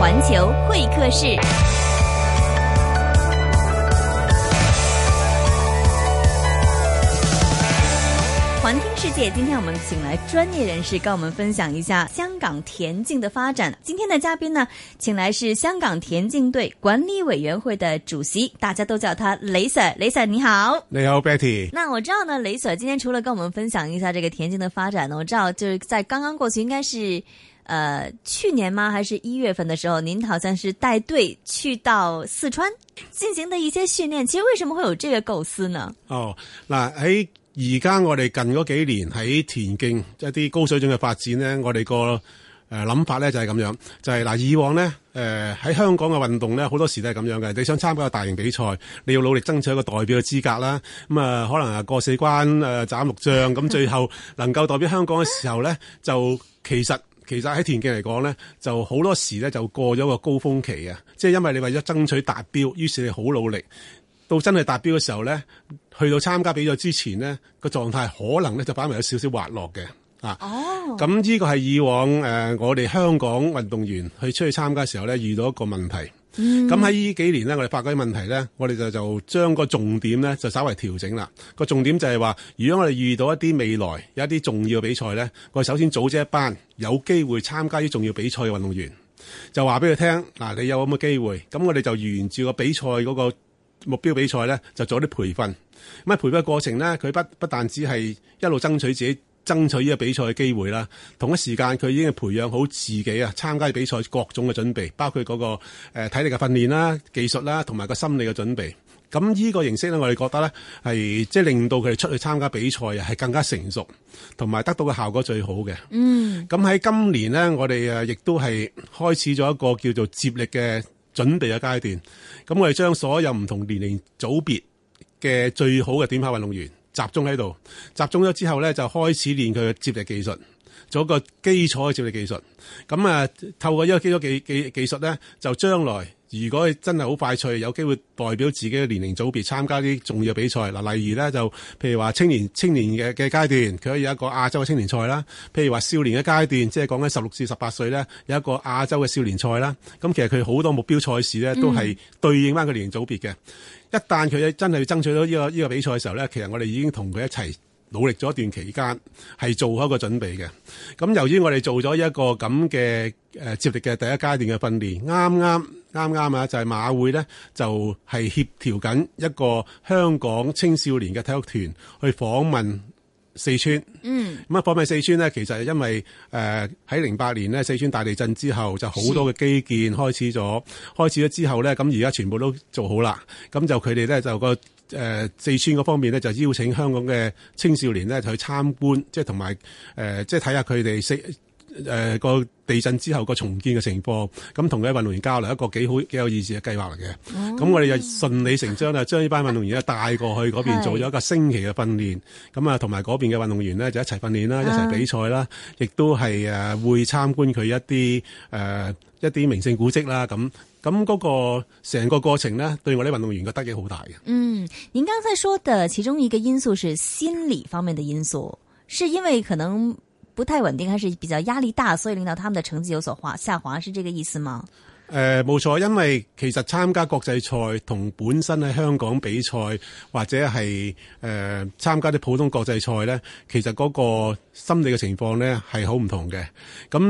環球會客室，環聽世界。今天我們請來專業人士跟我們分享一下香港田徑的發展。今天的嘉賓呢，請來是香港田徑隊管理委員會的主席，大家都叫他雷 s 雷 s 你好，你好 Betty。那我知道呢，雷 s 今天除了跟我們分享一下這個田徑的發展呢，我知道就是在剛剛過去應該是。誒、呃，去年嗎？還是一月份的時候，您好像是帶隊去到四川進行的一些訓練。其實為什麼會有這個構思呢？哦，嗱喺而家我哋近嗰幾年喺田徑、就是、一啲高水準嘅發展呢，我哋個誒諗法呢就係咁樣，就係、是、嗱以往呢，誒、呃、喺香港嘅運動呢，好多時都係咁樣嘅。你想參加個大型比賽，你要努力爭取一個代表嘅資格啦。咁、嗯、啊、呃，可能啊過四關誒、呃、斬六將，咁 最後能夠代表香港嘅時候呢，啊、就其實。其實喺田徑嚟講咧，就好多時咧就過咗個高峰期啊！即係因為你為咗爭取達標，於是你好努力，到真係達標嘅時候咧，去到參加比賽之前咧，個狀態可能咧就擺埋有少少滑落嘅、oh. 啊！咁呢個係以往誒、呃、我哋香港運動員去出去參加嘅時候咧，遇到一個問題。咁喺呢幾年咧，我哋發覺啲問題咧，我哋就就將個重點咧就稍為調整啦。個重點就係話，如果我哋遇到一啲未來有一啲重要嘅比賽咧，我哋首先組織一班有機會參加啲重要比賽嘅運動員，就話俾佢聽嗱，你有咁嘅機會，咁我哋就沿住個比賽嗰個目標比賽咧，就做啲培訓。咁喺培訓過程咧，佢不不但只係一路爭取自己。爭取呢個比賽嘅機會啦，同一時間佢已經係培養好自己啊，參加比賽各種嘅準備，包括嗰個誒體力嘅訓練啦、技術啦，同埋個心理嘅準備。咁呢個形式咧，我哋覺得咧係即係令到佢哋出去參加比賽係更加成熟，同埋得到嘅效果最好嘅。嗯，咁喺今年呢，我哋誒亦都係開始咗一個叫做接力嘅準備嘅階段。咁我哋將所有唔同年齡組別嘅最好嘅短跑運動員。集中喺度，集中咗之後咧，就開始練佢嘅接力技術，做一個基礎嘅接力技術，咁啊，透過呢個基礎技技技術咧，就將來。如果真係好快脆，有機會代表自己嘅年齡組別參加啲重要嘅比賽嗱，例如呢，就譬如話青年青年嘅嘅階段，佢有一個亞洲嘅青年賽啦。譬如話少年嘅階段，即係講緊十六至十八歲呢，有一個亞洲嘅少年賽啦。咁其實佢好多目標賽事呢，都係對應翻佢年齡組別嘅、嗯。一旦佢真係爭取到呢個呢個比賽嘅時候呢，其實我哋已經同佢一齊努力咗一段期間係做好一個準備嘅。咁由於我哋做咗一個咁嘅誒接力嘅第一階段嘅訓練，啱啱。啱啱啊，就係馬會咧，就係協調緊一個香港青少年嘅體育團去訪問四川。嗯，咁啊訪問四川咧，其實因為誒喺零八年咧四川大地震之後，就好多嘅基建開始咗，開始咗之後咧，咁而家全部都做好啦。咁就佢哋咧就個誒四川嗰方面咧就邀請香港嘅青少年咧就去參觀，即係同埋誒即係睇下佢哋四。誒，個地震之後個重建嘅情況，咁同佢運動員交流一個幾好幾有意思嘅計劃嚟嘅。咁、嗯、我哋就順理成章啦，將呢班運動員呢帶過去嗰邊做咗一個星期嘅訓練。咁啊，同埋嗰邊嘅運動員呢，就一齊訓練啦，一齊比賽啦，亦、啊、都係誒會參觀佢一啲誒、呃、一啲名勝古蹟啦。咁咁嗰個成個過程呢，對我哋運動員嘅得益好大嘅。嗯，您剛才說的其中一個因素是心理方面的因素，是因為可能。不太穩定，還是比較壓力大，所以令到他們的成績有所下滑，是這個意思嗎？誒、呃，冇錯，因為其實參加國際賽同本身喺香港比賽或者係誒、呃、參加啲普通國際賽呢，其實嗰個心理嘅情況呢係好唔同嘅。咁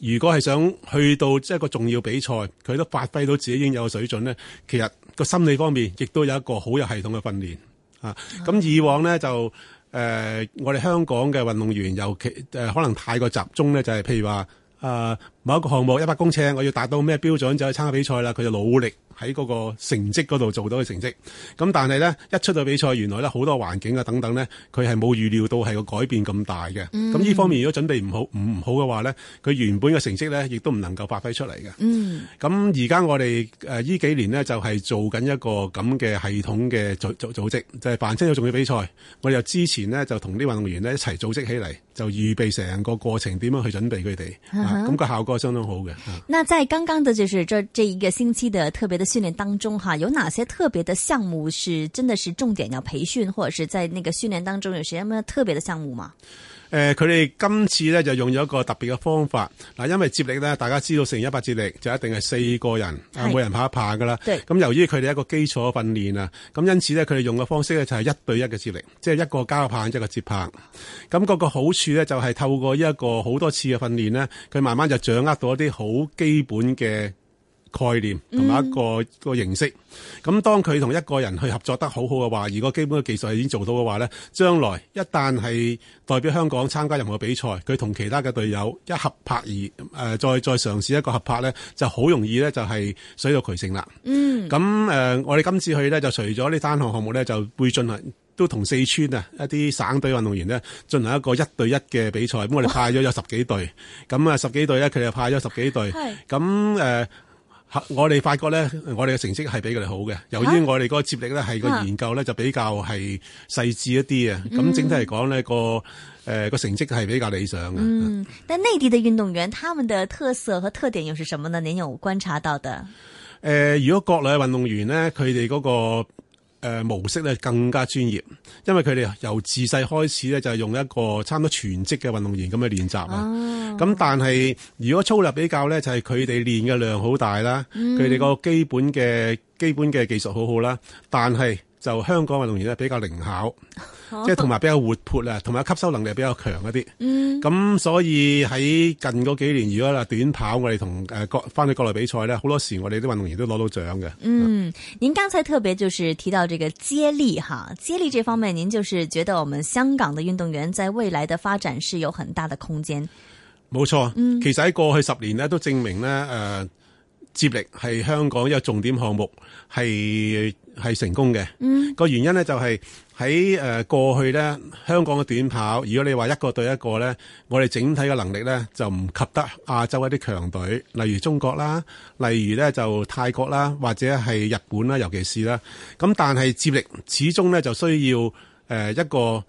如果係想去到即係一個重要比賽，佢都發揮到自己應有嘅水準呢，其實個心理方面亦都有一個好有系統嘅訓練啊。咁、啊嗯、以往呢就。誒、呃、我哋香港嘅運動員尤其誒、呃、可能太過集中咧，就係、是、譬如話，誒、呃、某一個項目一百公尺，我要達到咩標準就去參加比賽啦，佢就努力。喺嗰個成績嗰度做到嘅成績，咁但係咧一出到比賽，原來咧好多環境啊等等咧，佢係冇預料到係個改變咁大嘅。咁、嗯、呢方面如果準備唔好唔唔好嘅話咧，佢原本嘅成績咧亦都唔能夠發揮出嚟嘅。咁而家我哋誒呢幾年咧就係、是、做緊一個咁嘅系統嘅組組組織，就係辦親咗重要比賽，我哋又之前咧就同啲運動員咧一齊組織起嚟，就預備成個過程點樣去準備佢哋，咁、啊啊那個效果相當好嘅。那在剛剛剛就是在一、這個星期的特別，訓練當中有哪些特別項目是真的是重點要培訓，或者是在那個訓練當中有什麼特別的項目嗎？誒、呃，佢哋今次咧就用咗一個特別嘅方法嗱，因為接力呢，大家知道成人一百接力就一定係四個人啊，每人跑一拍噶啦。咁由於佢哋一個基礎訓練啊，咁因此呢，佢哋用嘅方式呢，就係一對一嘅接力，即、就、係、是、一個加棒一個接棒。咁、那、嗰個好處呢，就係透過一個好多次嘅訓練呢，佢慢慢就掌握到一啲好基本嘅。概念同埋一個個形式，咁、嗯、當佢同一個人去合作得好好嘅話，如果基本嘅技術係已經做到嘅話呢，將來一旦係代表香港參加任何比賽，佢同其他嘅隊友一合拍而誒、呃，再再嘗試一個合拍呢，就好容易呢就係水到渠成啦。嗯，咁誒、呃，我哋今次去呢，就除咗呢三項項目呢，就會進行都同四川啊一啲省隊運動員呢進行一個一對一嘅比賽。咁我哋派咗有十幾隊，咁、哦、啊 十幾隊呢，佢哋派咗十幾隊，咁誒。我哋發覺咧，我哋嘅成績係比佢哋好嘅。由於我哋嗰個接力咧係個研究咧就比較係細緻一啲啊，咁整體嚟講呢個誒個成績係比較理想嘅。嗯，但內地嘅運動員，他們的特色和特點又是什麼呢？您有觀察到的？誒、呃，如果國內嘅運動員呢，佢哋嗰個。誒，模式咧更加專業，因為佢哋由自細開始咧就係用一個差唔多全職嘅運動員咁去練習啊。咁、哦、但係如果粗略比較咧，就係佢哋練嘅量好大啦，佢哋個基本嘅基本嘅技術好好啦，但係。就香港運動員比較靈巧，即係同埋比較活潑啊，同埋吸收能力比較強一啲。嗯，咁所以喺近嗰幾年，如果嗱短跑，我哋同誒國翻去國內比賽呢，好多時我哋啲運動員都攞到獎嘅。嗯、mm.，您剛才特別就是提到這個接力哈，接力這方面，您就是覺得我們香港的運動員在未來的發展是有很大的空間？冇錯，mm. 其實喺過去十年呢，都證明呢。誒、呃。接力係香港一個重點項目，係係成功嘅個原因咧，就係喺誒過去咧，香港嘅短跑，如果你話一個對一個咧，我哋整體嘅能力咧就唔及得亞洲一啲強隊，例如中國啦，例如咧就泰國啦，或者係日本啦，尤其是啦。咁但係接力始終咧就需要誒一個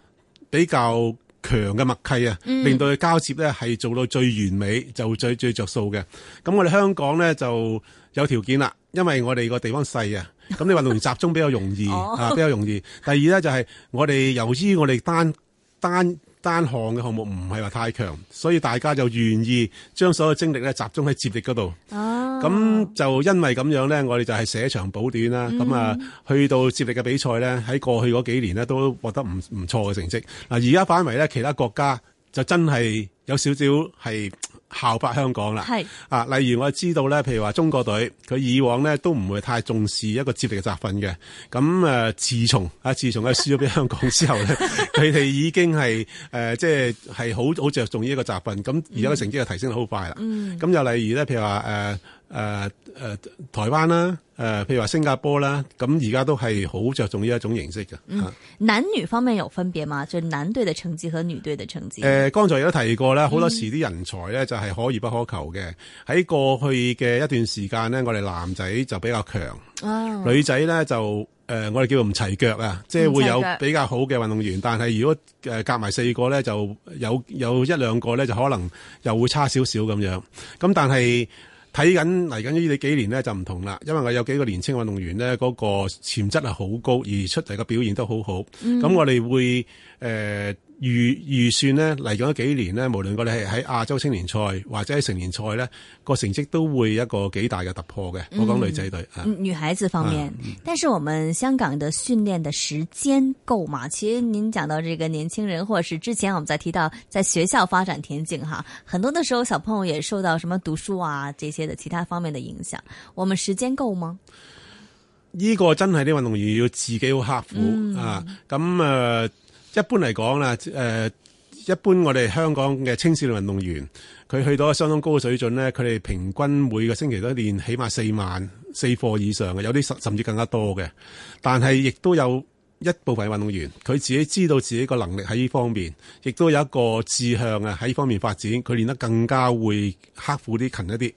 比較強嘅默契啊，令到佢交接咧係做到最完美就最最着數嘅。咁我哋香港咧就有條件啦，因為我哋個地方細啊，咁你運動員集中比較容易 啊，比較容易。第二咧就係我哋由於我哋單單。單單項嘅項目唔係話太強，所以大家就願意將所有精力咧集中喺接力嗰度。哦、啊，咁就因為咁樣咧，我哋就係寫長補短啦。咁、嗯、啊，去到接力嘅比賽咧，喺過去嗰幾年咧都獲得唔唔錯嘅成績。嗱，而家反為咧，其他國家就真係有少少係。效法香港啦，啊，例如我知道咧，譬如話中國隊佢以往咧都唔會太重視一個接力嘅集訓嘅，咁誒、呃，自從啊，自從佢輸咗俾香港之後咧，佢 哋已經係誒，即係係好好着重於一個集訓，咁而家成績又提升得好快啦。咁、嗯、又例如咧，譬如話誒。呃誒、呃、誒、呃，台灣啦，誒、呃，譬如話新加坡啦，咁而家都係好着重呢一種形式嘅、嗯。男女方面有分別嗎？就係、男隊的成績和女隊的成績？誒、呃，剛才亦都提過咧，好、嗯、多時啲人才咧就係可遇不可求嘅。喺過去嘅一段時間呢，我哋男仔就比較強、哦，女仔咧就誒、呃，我哋叫做唔齊腳啊，即係會有比較好嘅運動員，但係如果誒夾埋四個咧，就有有一兩個咧就可能又會差少少咁樣。咁但係。睇緊嚟緊呢幾年咧就唔同啦，因為我有幾個年輕運動員咧，嗰個潛質係好高，而出嚟嘅表現都好好，咁、嗯、我哋會誒。呃預預算呢，嚟緊幾年呢，無論我哋係喺亞洲青年賽或者喺成年賽呢個成績都會有一個幾大嘅突破嘅、嗯。我講女仔隊、嗯，女孩子方面、嗯，但是我們香港的訓練的時間夠嘛？其實您講到這個年輕人，或者是之前我們在提到在學校發展田徑哈，很多的時候小朋友也受到什麼讀書啊這些的其他方面的影響，我們時間夠嗎？呢、這個真係啲運動員要自己要刻苦啊！咁、嗯、誒。一般嚟講啦，誒，一般我哋香港嘅青少年運動員，佢去到相當高嘅水準呢，佢哋平均每個星期都練起碼四萬四課以上嘅，有啲甚至更加多嘅。但係亦都有一部分運動員，佢自己知道自己個能力喺呢方面，亦都有一個志向啊喺呢方面發展。佢練得更加會刻苦啲、勤一啲。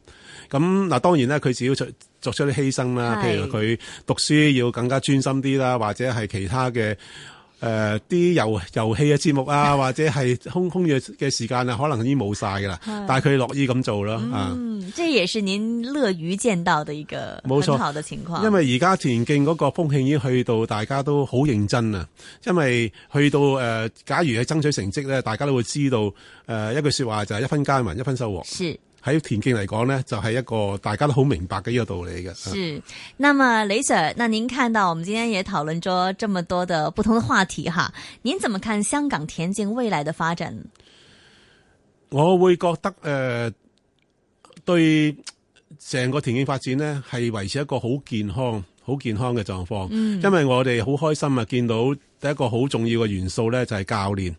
咁嗱，當然啦，佢自己要做做出作出啲犧牲啦，譬如佢讀書要更加專心啲啦，或者係其他嘅。誒、呃，啲遊遊戲嘅節目啊， 或者係空空餘嘅時間啊，可能已經冇晒噶啦。 但係佢樂意咁做咯。嗯、啊，這也是您樂於見到的一個冇錯好的情況。錯，因為而家田徑嗰個風氣已經去到大家都好認真啊。因為去到誒、呃，假如係爭取成績咧，大家都會知道誒、呃，一句說話就係一分耕耘一分收穫。是。喺田徑嚟講咧，就係、是、一個大家都好明白嘅一個道理嘅。是，那麼李 Sir，那您看到我們今天也討論咗這麼多的不同的話題哈、嗯，您怎麼看香港田徑未來的發展？我會覺得誒、呃，對成個田徑發展咧，係維持一個好健康。好健康嘅狀況，嗯，因為我哋好開心啊！見到第一個好重要嘅元素咧，就係教練。誒、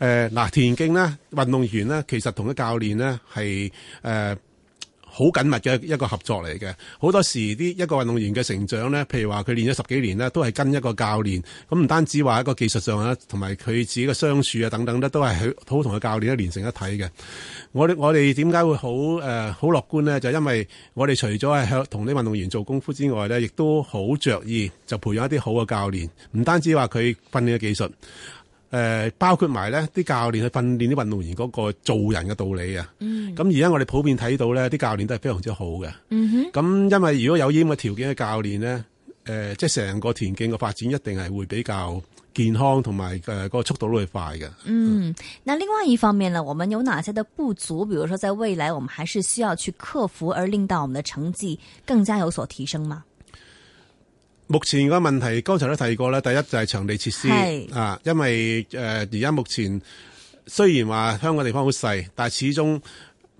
呃、嗱，田徑咧，運動員咧，其實同啲教練咧係誒。好緊密嘅一個合作嚟嘅，好多時啲一個運動員嘅成長呢，譬如話佢練咗十幾年呢，都係跟一個教練咁。唔單止話一個技術上啊，同埋佢自己嘅相處啊等等咧，都係好同佢教練咧連成一體嘅。我哋我哋點解會好誒好樂觀呢？就因為我哋除咗係向同啲運動員做功夫之外呢，亦都好着意就培養一啲好嘅教練，唔單止話佢訓練嘅技術。誒包括埋呢啲教練去訓練啲運動員嗰個做人嘅道理啊，咁、嗯、而家我哋普遍睇到呢啲教練都係非常之好嘅，咁、嗯、因為如果有咁嘅條件嘅教練呢，誒即係成個田徑嘅發展一定係會比較健康同埋誒個速度都會快嘅。嗯，那另外一方面呢，我們有哪些的不足？比如說，在未來我們還是需要去克服，而令到我們的成績更加有所提升嗎？目前個問題，剛才都提過啦。第一就係場地設施啊，因為誒而家目前雖然話香港地方好細，但係始終。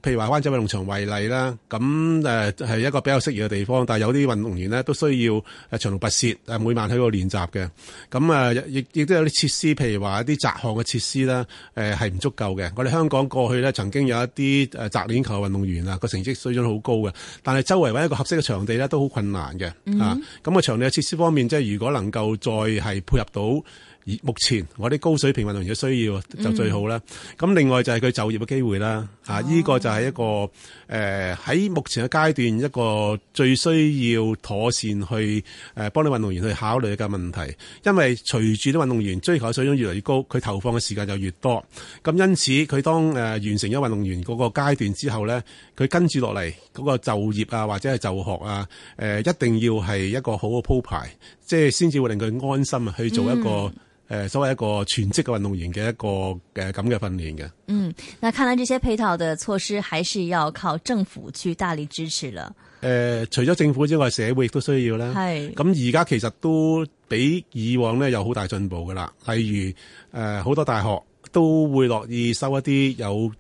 譬如話灣仔運動場為例啦，咁誒係一個比較適宜嘅地方，但係有啲運動員咧都需要誒長途跋涉每晚喺度練習嘅，咁誒亦亦都有啲設施，譬如話一啲擲項嘅設施啦，誒係唔足夠嘅。我哋香港過去咧曾經有一啲誒擲鏈球運動員啊，個成績水準好高嘅，但係周圍搵一個合適嘅場地咧都好困難嘅嚇。咁、mm -hmm. 啊，場地嘅設施方面，即係如果能夠再係配合到。目前我啲高水平運動員嘅需要就最好啦。咁、嗯、另外就係佢就業嘅機會啦。啊，呢、啊呢個就係一個誒喺、呃、目前嘅階段一個最需要妥善去誒、呃、幫啲運動員去考慮嘅問題。因為隨住啲運動員追求嘅水準越嚟越高，佢投放嘅時間就越多。咁因此佢當誒、呃、完成咗運動員嗰個階段之後呢，佢跟住落嚟嗰個就業啊或者係就學啊誒、呃、一定要係一個好嘅鋪排，即係先至會令佢安心去做一個。嗯誒，所謂一個全職嘅運動員嘅一個誒咁嘅訓練嘅。嗯，那看來這些配套嘅措施，還是要靠政府去大力支持了誒、呃，除咗政府之外，社會亦都需要啦。係。咁而家其實都比以往呢有好大進步嘅啦。例如誒，好多大學都會樂意收一啲有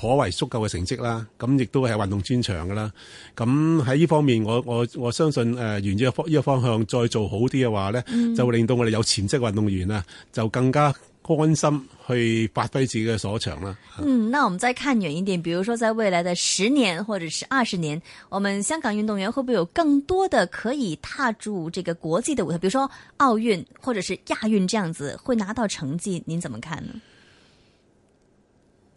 頗為足夠嘅成績啦，咁亦都係運動專長㗎啦。咁喺呢方面，我我我相信誒沿住呢個方向再做好啲嘅話呢、嗯、就會令到我哋有潛質運動員啊，就更加安心去發揮自己嘅所長啦。嗯，那我們再看遠一點，比如說在未來的十年或者是二十年，我們香港運動員會不會有更多的可以踏足這個國際的舞台，比如說奧運或者是亞運這樣子，會拿到成績，您怎麼看呢？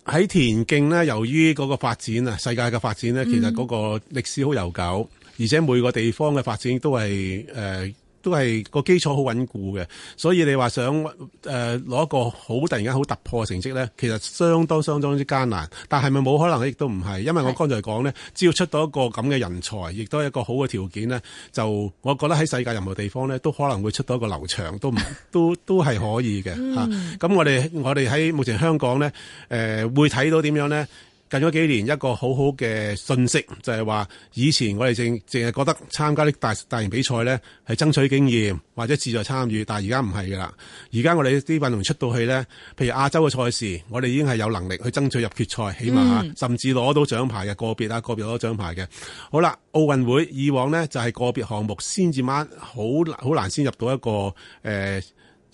喺田徑咧，由於嗰個發展啊，世界嘅發展咧，其實嗰個歷史好悠久，而且每個地方嘅發展都係誒。呃都係個基礎好穩固嘅，所以你話想誒攞、呃、一個好突然間好突破嘅成績呢，其實相當相當之艱難。但係咪冇可能，亦都唔係，因為我剛才講呢，只要出到一個咁嘅人才，亦都係一個好嘅條件呢，就我覺得喺世界任何地方呢，都可能會出到一個劉翔都唔 都都係可以嘅嚇。咁、嗯啊、我哋我哋喺目前香港呢，誒、呃、會睇到點樣呢？近咗幾年，一個好好嘅信息就係話，以前我哋淨淨係覺得參加啲大大型比賽呢係爭取經驗或者志在參與，但係而家唔係噶啦。而家我哋啲運動員出到去呢，譬如亞洲嘅賽事，我哋已經係有能力去爭取入決賽，起碼甚至攞到獎牌嘅個別啊，個別攞到獎牌嘅。好啦，奧運會以往呢，就係個別項目先至晚，好難好難先入到一個誒、呃、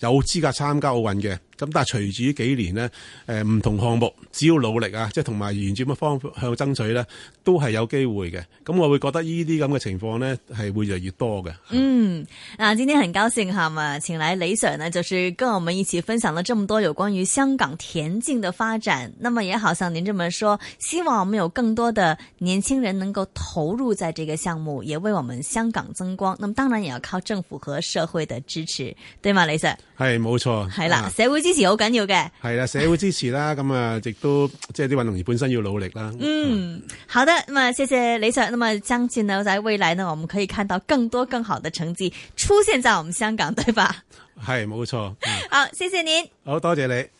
有資格參加奧運嘅。咁但係隨住幾年呢，誒、呃、唔同項目，只要努力啊，即係同埋沿住嘅方向爭取呢、啊，都係有機會嘅。咁我會覺得呢啲咁嘅情況呢，係會越嚟越多嘅。嗯，嗱、啊，今天很高興哈嘛，請嚟李 Sir 呢，就是跟我們一起分享咗這麼多有關於香港田徑嘅發展。那麼也好像您這麼說，希望我們有更多的年輕人能夠投入在這個項目，也為我們香港增光。那麼當然也要靠政府和社會的支持，對嘛，李 Sir？係冇錯，係啦，社、啊、會支持好緊要嘅，係啦，社會支持啦，咁啊，亦都即係啲運動員本身要努力啦、嗯。嗯，好的，咁啊，謝謝李 Sir。咁啊，張倩女士，未來呢，我們可以看到更多更好的成績出現在我們香港，對吧？係，冇錯、嗯。好，謝謝您。好多謝你。